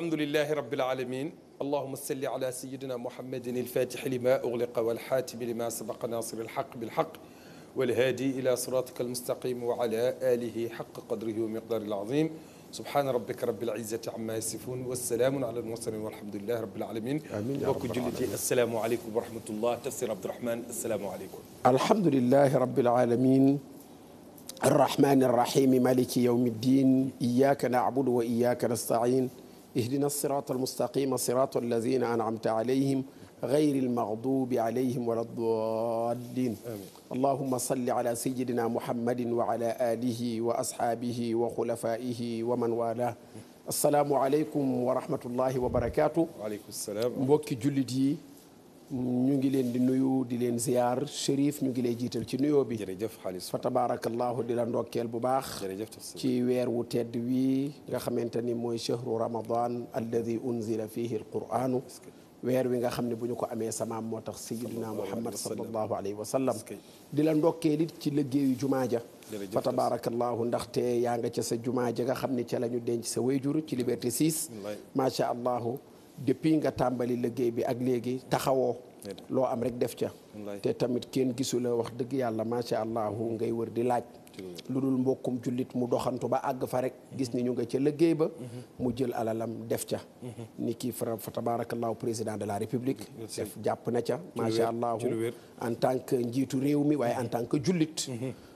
alhamdulilahi rabbil alamin allahuma salli ala sayidina muhammadin alfatixi lima ugliqa walxaatimi lima sabaqa nasir alxaq bilxaq walhaadi ila siratika almustaqim wa ala alihi xaq qadrihi wa miqdaari alazim subhaana rabbika rabbil izzati amma yasifun wasalaamun ala almursalin walhamdulilahi rabbil alamin mbokk jullit yi asalaamu aleykum wa rahmatullah tafsir abdurahman asalaamu aleykum alhamdulilahi rabbil alamin الرحمن الرحيم مالك يوم الدين إياك نعبد وإياك نستعين اهدنا الصراط المستقيم صراط الذين أنعمت عليهم غير المغضوب عليهم ولا الضالين اللهم صل على سيدنا محمد وعلى آله وأصحابه وخلفائه ومن والاه asalaamualeykum wa rahmatullahi wa barakaatu. waaleykum salaam mbokki jullit yi. ñu ngi leen di nuyu di leen ziar Chérif ñu ngi lay jiital ci nuyoo bi. jërëjëf xaalis fa tabaarakallaahu di la ndokkeel bu baax. ci weer wu tedd wi nga xamante ni mooy chahru ramadan alladi unzila fihi alquranu weer wi nga xam ne bu ñu ko amee samaam moo tax sayidina muhammad sallallahu alayhi wa sallam di la ndokkeel it ci liggéeyu jumaa ja fa tabarakallahu ndaxte yaa nga ca sa jumaa ja nga xam ne ca la ñu denc sa wayjur ci liberté 6 macha allahu depuis nga tàmbali liggéey bi ak léegi taxawoo loo am rek def ca te tamit kenn gisu wax dëgg yàlla macha allahu ngay wër di laaj lu dul mbokkum jullit mu doxantu ba àgg fa rek gis ni ñu nga ca liggéey ba mm-hmm. mu jël alalam def ca mm-hmm. ni kii fa tabaarakallaahu président de la république def jàpp na ca macha allahu en tant que njiitu réew mi waaye en tant que jullit mm-hmm.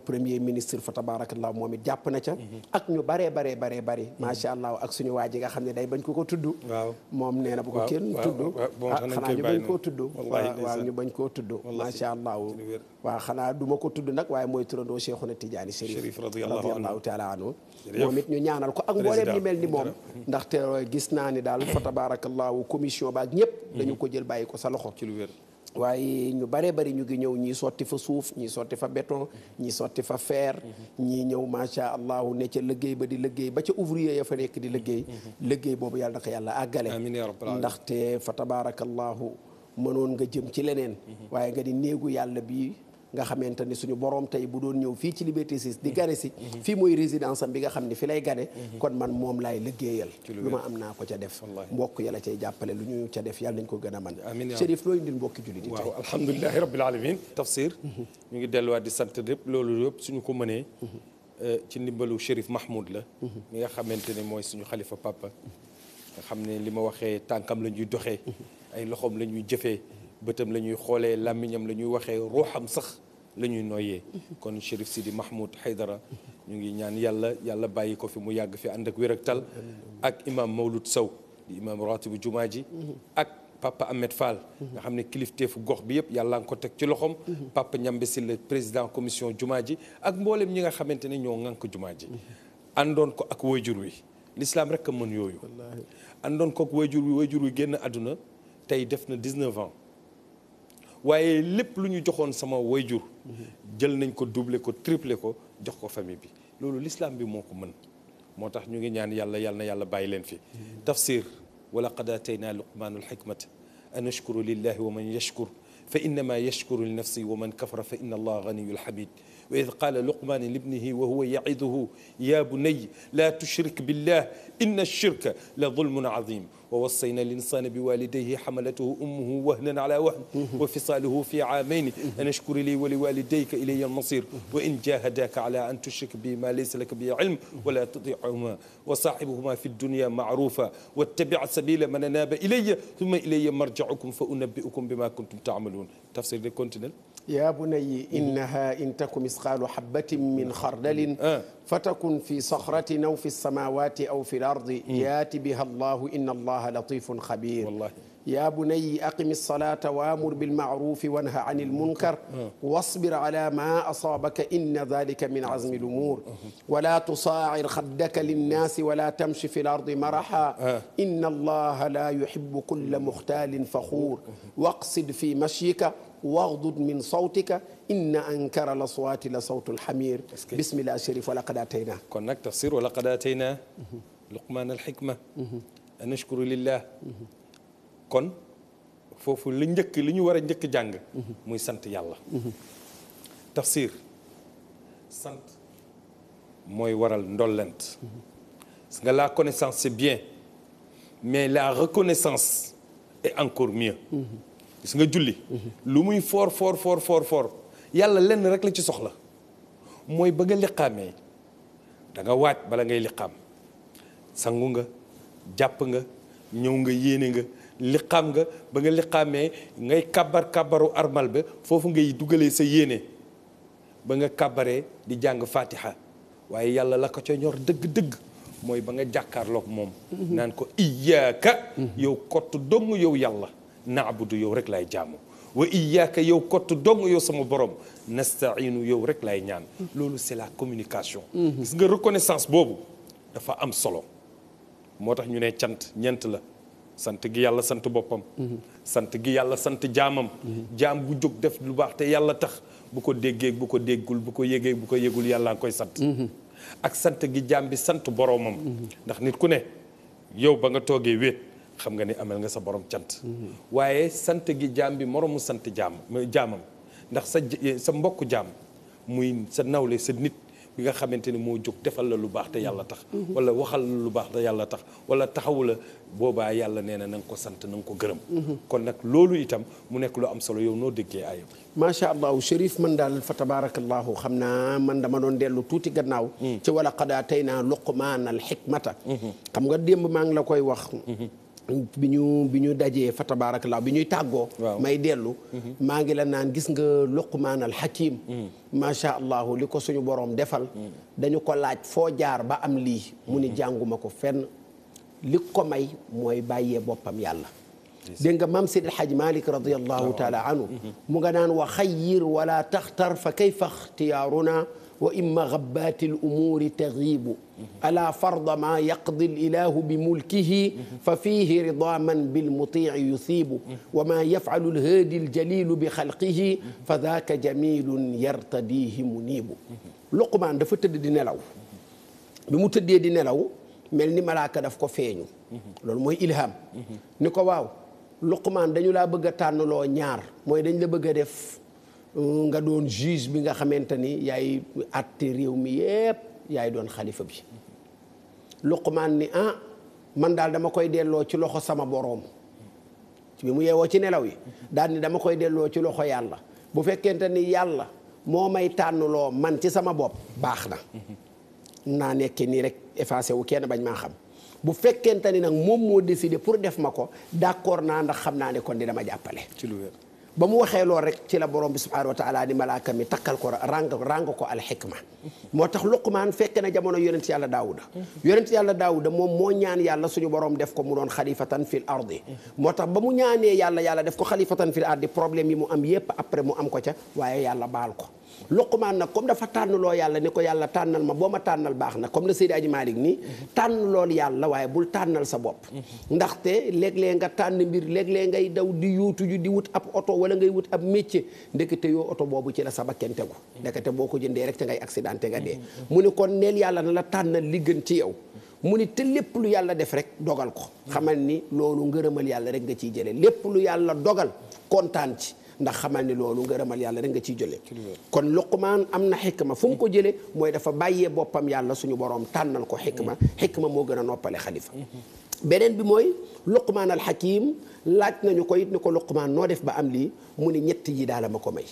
premier ministre fa tabaarakallaa moom it jàpp na ca mhm. ak ñu bare baree bare bari macha allah ak suñu waa ji nga xam ne day bañ ko ko tudd waaw moom nee na bu ko kenn tudd ah, xanaa ñu bañ bañ koo tudd macha waaw xanaa duma ko tudd nag waaye mooy turandoo Cheikhuna Tidiane Chérif radiallahu taala anhu moom it ñu ñaanal ko ak mbooleem ñi mel ni moom ndaxte gis naa ni daal fa tabaarakallaahu commission baak ñëpp mhm. dañu ko jël bàyyi ko sa loxo ci lu wér waaye ñu baree bari ñu ngi ñëw ñii sotti fa suuf ñii sotti fa béton ñii sotti fa fer ñii ñëw macha allah ne ca liggéey ba di liggéey ba ca ouvrier ya fa nekk di liggéey liggéey boobu yàlla na yàlla àggale ndaxte fa tabaarakallahu mënoon nga jëm ci leneen mhm. waaye nga di néegu yàlla bi nga xamante ni suñu borom tey bu doon ñëw fii ci Liberté di mm-hmm. gane si mm-hmm. fii mooy résidence am bi nga xam ni fi lay gane mm-hmm. kon man moom laay liggéeyal lu ma am naa ko ca def mbokk yàlla cay jàppale lu ñu ca def yàlla nañ ko gën a man Chérif looy ndil mbokki jullit yi waaw alhamdulilahi rabbil alamin tafsir ñu ngi delluwaat di sant lépp loolu yëpp suñu ko mënee euh, ci ndimbalu Chérif Mahmoud la mi nga xamante ne mooy suñu xalifa papa nga xam ne li ma waxee tànkam la ñuy doxee ay loxoom la ñuy jëfee bëtam la ñuy xoolee làmmiñam la ñuy waxee ruuxam sax la ñuy noyyee kon Chérif Sidi Mahmoud Haydara ñu ngi ñaan yàlla yàlla bàyyi ko fi mu yàgg fi ànd ak wér ak tal ak imam Mawlud Sow di imam ratibu jumaa ji ak papa Ahmed Fall nga xam ne kilifteefu gox bi yëpp yàlla nga ko teg ci loxoom papa Ñambe si le président commission jumaa ji ak mboolem ñi nga xamante ne ñoo ŋànk jumaa ji àndoon ko ak wayjur wi lislaam rek a mën yooyu àndoon ko ak wayjur wi wayjur wi génn àdduna tey def na 19 ans waaye lépp lu ñu joxoon sama wayjur jël nañ ko doubler ko tripler ko jox ko famille bi loolu l'islam bi moo ko mën moo tax ñu ngi ñaan yàlla yàlla na yàlla bàyyi leen fi tafsir wala qad atayna luqmaana alxikmata an ashkuru lillahi wa man yashkur fa innama yashkuru li nafsi wa man kafara fa inna allaha ganiyul hamid wa id qaala luqmaanu libnihi wa huwa yaciduhu ya bunay laa tushrik billah inna ashirka la zulmun azim wa wassayna al insana bi walidayhi hamalatuhu ummuhu wahnan ala wahn wa fisaluhu fi aamayn an ashkur li wa li walidayka ilayya almasir wa in jahadaka ala an tushrik bi ma laysa laka bi ilm wala tuti'huma wa saahibuhuma fi dunya ma'rufa wattabi' sabila man anaba ilayya thumma ilayya marji'ukum fa unabbi'ukum bima kuntum ta'malun tafsir de continuel yaa bunayya innahaa in taku misqaalu xabbatin min xardalin fa takun fi saxratin aw fi samaawaati aw fi l ardi yaati biha allahu inna allaha latifun xabir yaa bunayya aqimi salaata waamur bilmaaruufi wanha ani lmunkar wasbir ala maa asaabaka inna dalika min azmi lumuur wala tusaacir xaddaka linnaasi wala tamshi fi lardi maraxa inna allaha laa yuxibu kulla muxtaalin faxuur waqsid fi mashyika waxdud min sawtika inna ankara l aswaati la sawtu lxamir bismillah chérif wala qad atayna kon nag tafsir wala qad atayna luqmaan alxikma an nashkuru lillah kon foofu li njëkk li ñu war a njëkk jàng mhm. muy sant yàlla mhm. tafsir sant mooy waral ndollent mhm. parce que la connaissance c'est bien mais laa reconnaissance est encore mieux gis nga julli lu muy foor foor foor foor yàlla lenn rek la ci soxla mooy ba nga liqaamee da nga waaj bala ngay liqaam sangu nga jàpp nga ñëw nga yéene nga liqaam nga ba nga liqaamee ngay kabar kabaru armal ba foofu ngay dugalee sa yéene ba nga kabaree di jàng fatiha waaye yàlla la ko ca ñor dëgg-dëgg mooy ba nga jàkkaarloog moom mhm. naan ko iyaaka mhm. yow kott dong yow yàlla naabudu yow rek laay jaamu wa iyaaka yow kott dong yow sama borom nastainu yow rek lay ñaan mhm. loolu c'est la communication gis nga reconnaissance boobu dafa am solo moo tax ñu ne cant ñeent la sant gi yàlla sant boppam mhm. sant gi yàlla sant jaamam mhm. jaam bu jóg def lu baax te yàlla tax bu ko déggee bu ko déggul bu ko yégee bu ko yégul yàlla nga koy sant mhm. ak sant gi jaam bi sant boroomam ndax nit ku ne yow ba nga toogee wéet xam nga ni amel nga sa borom cant waaye sant gi jaam bi moroomu sant jaam jaamam ndax sa sa mbokk jaam muy sa nawle sa nit bi nga xamante ni moo jóg defal la lu baax te yàlla tax mhm. wala waxal la lu baax te yàlla tax wala taxawu la boobaa yàlla nee na na nga ko sant na nga ko gërëm mhm. kon nag loolu itam mu nekk lu am solo yow noo déggee aaya macha allahu shérif man daal fa tabarakallahu xam naa man dama doon dellu tuuti gannaaw mm. ci wala qad aataynaa luqmaana al xikmata mhm. xam nga démb maa ngi la koy wax bi ñu bi ñu dajee fa tabaarakallaa bi ñuy tàggoo may dellu mhm. maa ngi la naan gis nga luqmaan al hakim mhm. macha allah li ko suñu boroom defal mhm. dañu ko laaj foo jaar ba am lii mu ni jànguma ko fenn li ko may mooy bàyyee boppam yàlla dégg nga maam Seydi El Hadj radiallahu taala anhu mu nga naan wa xayir wala taxtar fa kayfa ixtiyaaruna wa imma ghabbaati l umuuri taxiibu alaa farda maa yaqdi l ilaahu bi mulkihi fa fiihi ridaa man bil mutiici yusiibu wa maa yafcalu lhaadi ljaliilu bi xalqihi fa daaka jamilun yartadiihi muniibu Luqmaan dafa tëdd di nelaw bi mu tëddee di nelaw mel ni malaaka daf ko feeñu loolu mooy ilham ni ko waaw Luqmaan dañu laa bëgg a tànnloo ñaar mooy dañ la bëgg a def Euh, nga doon juge bi nga xamante ni yaay àtte réew mi yépp yaay doon xalifa bi Luqmaan ni ah man daal dama koy delloo ci loxo sama boroom bi mu yeewoo ci nelaw yi daal ni dama koy delloo ci loxo yàlla bu fekkente ni yàlla moo may tànnloo man ci sama bopp baax na naa nekke nii rek effacé wu kenn bañ maa xam bu fekkente ni nag moom moo décidé pour def ma ko d'accord naa ndax xam naa ne kon di dama jàppale ci lu ba mu waxee lool rek ci la borom bi subhaanahu wa taala ni malaaka mi takkal ko ràng ràng ko alxikma moo tax luqmaan fekk na jamono yonent yàlla daawuda yonent yàlla daawuda moom moo ñaan yàlla suñu borom def ko mu doon xalifatan fil ardi moo tax ba mu ñaanee yàlla yàlla def ko xalifatan fil ardi problème yi mu am yépp après mu am ko ca waaye yàlla baal ko Luqmaan nag comme dafa tànn loo yàlla ni ko yàlla tànnal ma boo ma tànnal baax na comme na Seydi Aji Malick nii tànn lool yàlla waaye bul tànnal sa bopp ndaxte léeg-léeg nga tànn mbir léeg-léeg ngay daw di yuutu ju di wut ab oto wala ngay wut ab métier ndekete yoo oto boobu ci la sa bakken tegu ndekete boo ko jëndee rek te ngay accidenté nga dee mu ne kon neel yàlla na la tànnal li gën ci yow mu ni te lépp lu yàlla def rek dogal ko xamal ni loolu ngërëmal yàlla rek nga ciy jëlee lépp lu yàlla dogal kontaan ci ndax xamal ni loolu ngërëmal yàlla rek nga ciy jëlee kon luqmaan am na xikma fu ko jëlee mooy dafa bàyyee boppam yàlla suñu borom tànnal ko xikma xikma moo gën a noppale xalifa beneen bi mooy luqmaan al hakim laaj nañu ko it ko luqmaan noo def ba am lii mu ni ñett yi daala ma ko may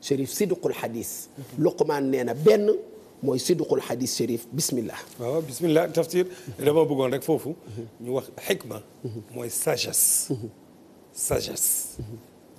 chérif sidqul hadis luqmaan nee na benn mooy sidqul hadis chérif bismillah waaw bismillah tafsir dama bëggoon rek foofu ñu wax xikma mooy sagesse mhm.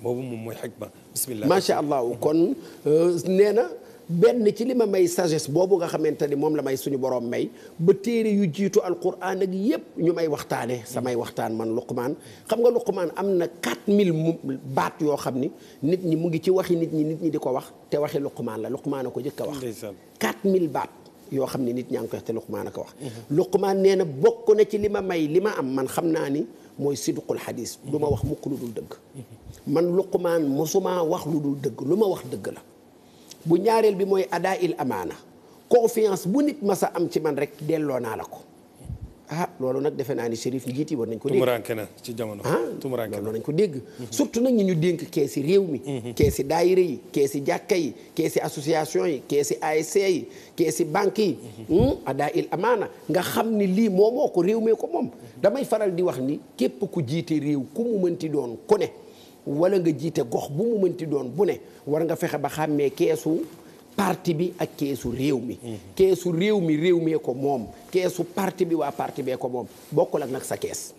boobu moom mooy xikma bismillah macha allah kon euh, nee na benn ci li ma may sagesse boobu nga xamante ni moom la may suñu borom may ba téere yu jiitu alquran ak yépp ñu may waxtaane samay waxtaan man luqmaan xam nga luqmaan am na 4000 mu baat yoo xam ni nit ñi mu ngi ci waxi nit ñi nit ñi di ko wax te waxi luqmaan la luqmaan a ko jëkk a wax 4000 baat yoo xam ne nit ñaa ngi koy te luqmaan a ko wax mhm. luqmaan nee na bokk na ci li ma may li ma am man xam naa ni mooy sidqul xadis mhm. du ma wax mukk lu dul dëgg mhm. man luqumaan mosuma wax lu dul dëgg lu ma wax dëgg la bu ñaareel bi mooy adaa il amaana confiance bu nit masa am ci man rek delloo naa la ko ah loolu nag defe naa ni shérif njiit yi war nañ ko dégg tumuranke na ci jamono ah, tumuranke na loolu nañ ko dégg surtout nag ñi ñu dénk keesi réew mi mhm. keesi daayira yi keesi jàkka yi keesi association yi keesi ASC yi keesi banque yi mhm. hmm, adaa il amaana nga xam ni lii moo moo ko réew mee ko moom mhm. damay faral di wax ni képp ku jiite réew ku mu mënti doon ku ne wala nga jiite gox bu mu mënti doon bu ne war nga fexe ba xàmmee keesu parti bi ak keesu réew mi mhm. keesu réew mi réew mee ko moom keesu parti bi waa parti bee ko moom bokkul ak nag sa kees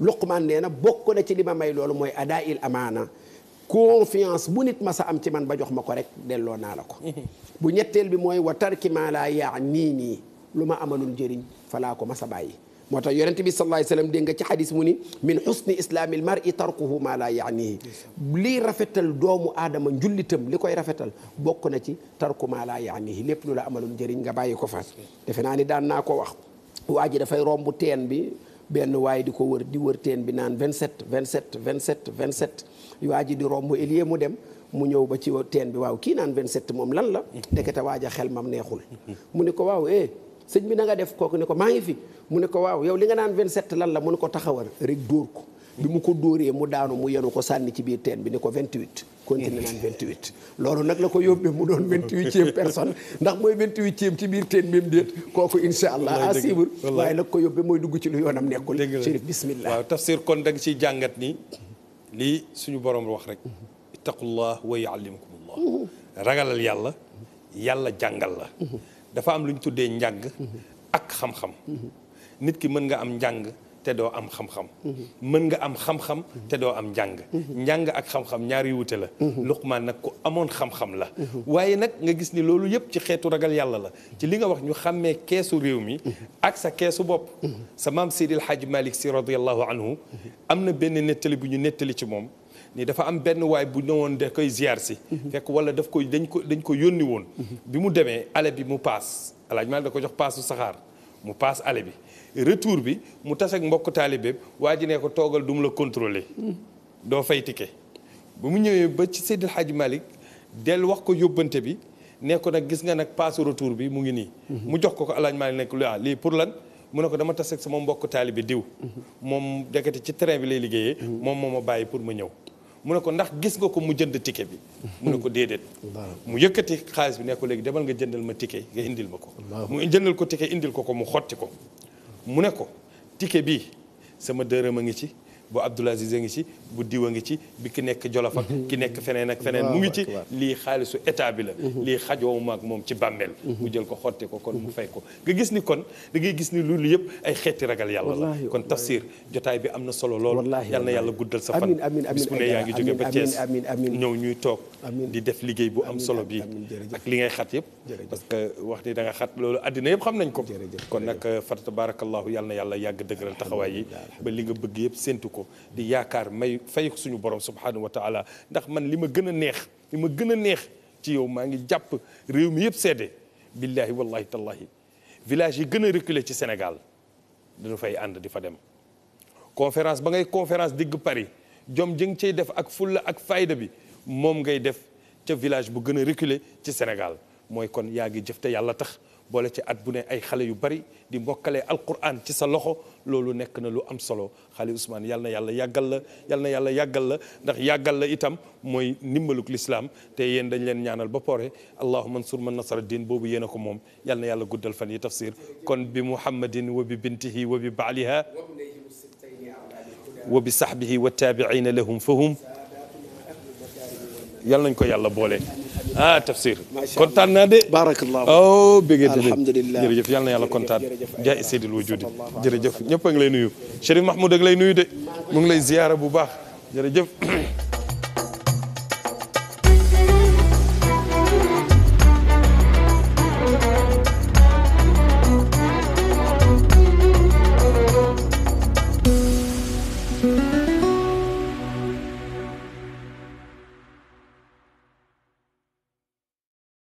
Luqmaan nee na bokk na ci li ma may loolu mooy adaa il amaana confiance bu nit sa am ci man ba jox ma ko rek delloo naa la ko mhm. bu ñetteel bi mooy wa tarki maa laa yaa nii nii lu ma amalul njëriñ falaa ko ma sa bàyyi moo tax yonent bi sallallahu alayhi wasallam dégg nga ci xadis mu ni min xusni islaamil mar'i tarkuhu ma la yaanihi lii rafetal doomu aadama njullitam li koy rafetal bokk na ci tarku ma la yaanihi lépp lu la njëriñ nga bàyyi ko faat defe naa ni daan naa ko wax waa ji dafay romb teen bi benn waaye di ko wër di wër teen bi naan 27 27 27 27 waa ji di romb élier mu dem mu ñëw ba ci teen bi waaw ki naan vingt 27 moom lan la ndekete waaja xel mam neexul sëñ bi na def kooku ne ko maa ngi fi mu ne ko waaw yow li nga naan 27 lan la mu ne ko taxawal rek dóor ko bi mu ko dóoree mu daanu mu yenu ko sànni ci biir teen bi ne ko 28 continué naan 28 loolu nag la ko yóbbee mu doon 28e personne ndax mooy e ci biir teen même déet kooku insha allah à suivre la ko yóbbee mooy dugg ci lu yoonam nekkul chérif bismillah waaw tafsir kon da nga jàngat ni lii suñu borom wax rek ittaqullah wa yuallimukumullah uhuh. ragalal yàlla yàlla jàngal la dafa am lu ñu tuddee njàng ak xam-xam nit ki mën nga am njàng te doo am xam-xam mën nga am xam-xam te doo am njàng njàng ak xam-xam ñaari wute la Luqmaan nag ku amoon xam-xam la waaye nag nga gis ni loolu yëpp ci xeetu ragal yàlla la ci li nga wax ñu xàmmee keesu réew mi ak sa keesu bopp sa maam Seydil Hadji Malick Sy radiyallahu anhu am na benn nettali bu ñu nettali ci moom ni dafa am benn waay bu ne woon da koy ziar si. Mhm. fekk wala daf koy dañ ko dañ ko yónni woon. Mhm. bi mu demee ale bi mu paas alaaj maa da ko jox paasu saxaar mu paas ale bi retour bi mu tas ak mbokk taalibeem waa ji ne ko toogal du la contrôler mhm. doo fay ticket ba mu ñëwee ba ci Seydi El Hadji Malick del wax ko yóbbante bi ne ko nag gis nga nag paasu retour bi mu ngi nii. mu jox ko ko alaaj maa nekk lu ah lii pour lan. mu ne ko dama tas ak sama mbokk taalibe diw. moom dekete ci train bi lay liggéey moom moo ma bàyyi pour ma ñëw. mu ne ko ndax gis nga ko mu jënd ticket bi mu ne ko déedéet mu yëkkati xaalis bi ne ko léegi demal nga jëndal ma ticket nga indil ma ko mu jëndal ko ticket indil ko ko mu xotti ko mu ne ko ticket bi sama dërëm a ngi ci bu Abdoul Aziz a ngi ci bu diw a ngi ci bi ki nekk Jolof ki nekk feneen ak feneen mu ngi ci lii xaalisu état bi la mhm. lii xajoowu maag moom ci bàmmeel mhm. mu jël ko xotte ko kon mu fay ko nga gis ni kon da ngay gis ni loolu yëpp ay xeeti ragal yàlla la kon tafsir jotaay bi am na solo lool yal na yàlla guddal sa fan bis bu ne yaa ngi jóge ba Thiès ñëw ñuy toog di def liggéey bu am solo bi ak li ngay xat yëpp parce que wax ni da nga xat loolu àddina yëpp xam nañ ko kon nag fa tabarakallahu yal na yàlla yàgg dëgëral taxawaay yi ba li nga ko di yaakaar may fay suñu borom subhanahu wa ndax man li ma gën a neex li ma gën a neex ci yow maa ngi jàpp réew mi yëpp seede billahi wallahi tallahi village yi gën a reculé ci Sénégal dañu fay ànd di fa dem conférence ba ngay conférence digg Paris jom jëng cey def ak fulla ak fayda bi moom ngay def ca village bu gën a reculé ci Sénégal mooy kon yaa ngi jëf te yàlla tax boole ci at bu ne ay xale yu bari di mbokkale alquran ci sa loxo loolu nekk na lu am solo xale Ousmane yal na yàlla yàggal la yal yàlla yàggal la ndax yàggal la itam mooy ndimbaluk lislaam te yéen dañ leen ñaanal ba pore allahuma ansur man nasara diin boobu yéen a ko moom yal yàlla guddal fan yi tafsir kon bi muhammadin wa bi bintihi wa bi baaliha wa bi sahbihi wa taabiciina lahum fahum yal nañ ko yàlla boole ah tafsir kontaan naa de. barakallah oh béggee de alhamdulilah jërëjëf yal na yàlla kontaan. jaay seydil wujudi jërëjëf ñëpp a ngi lay nuyu. Chérif Mahmoud a ngi lay nuyu de mu ngi lay ziyaara bu baax jërëjëf.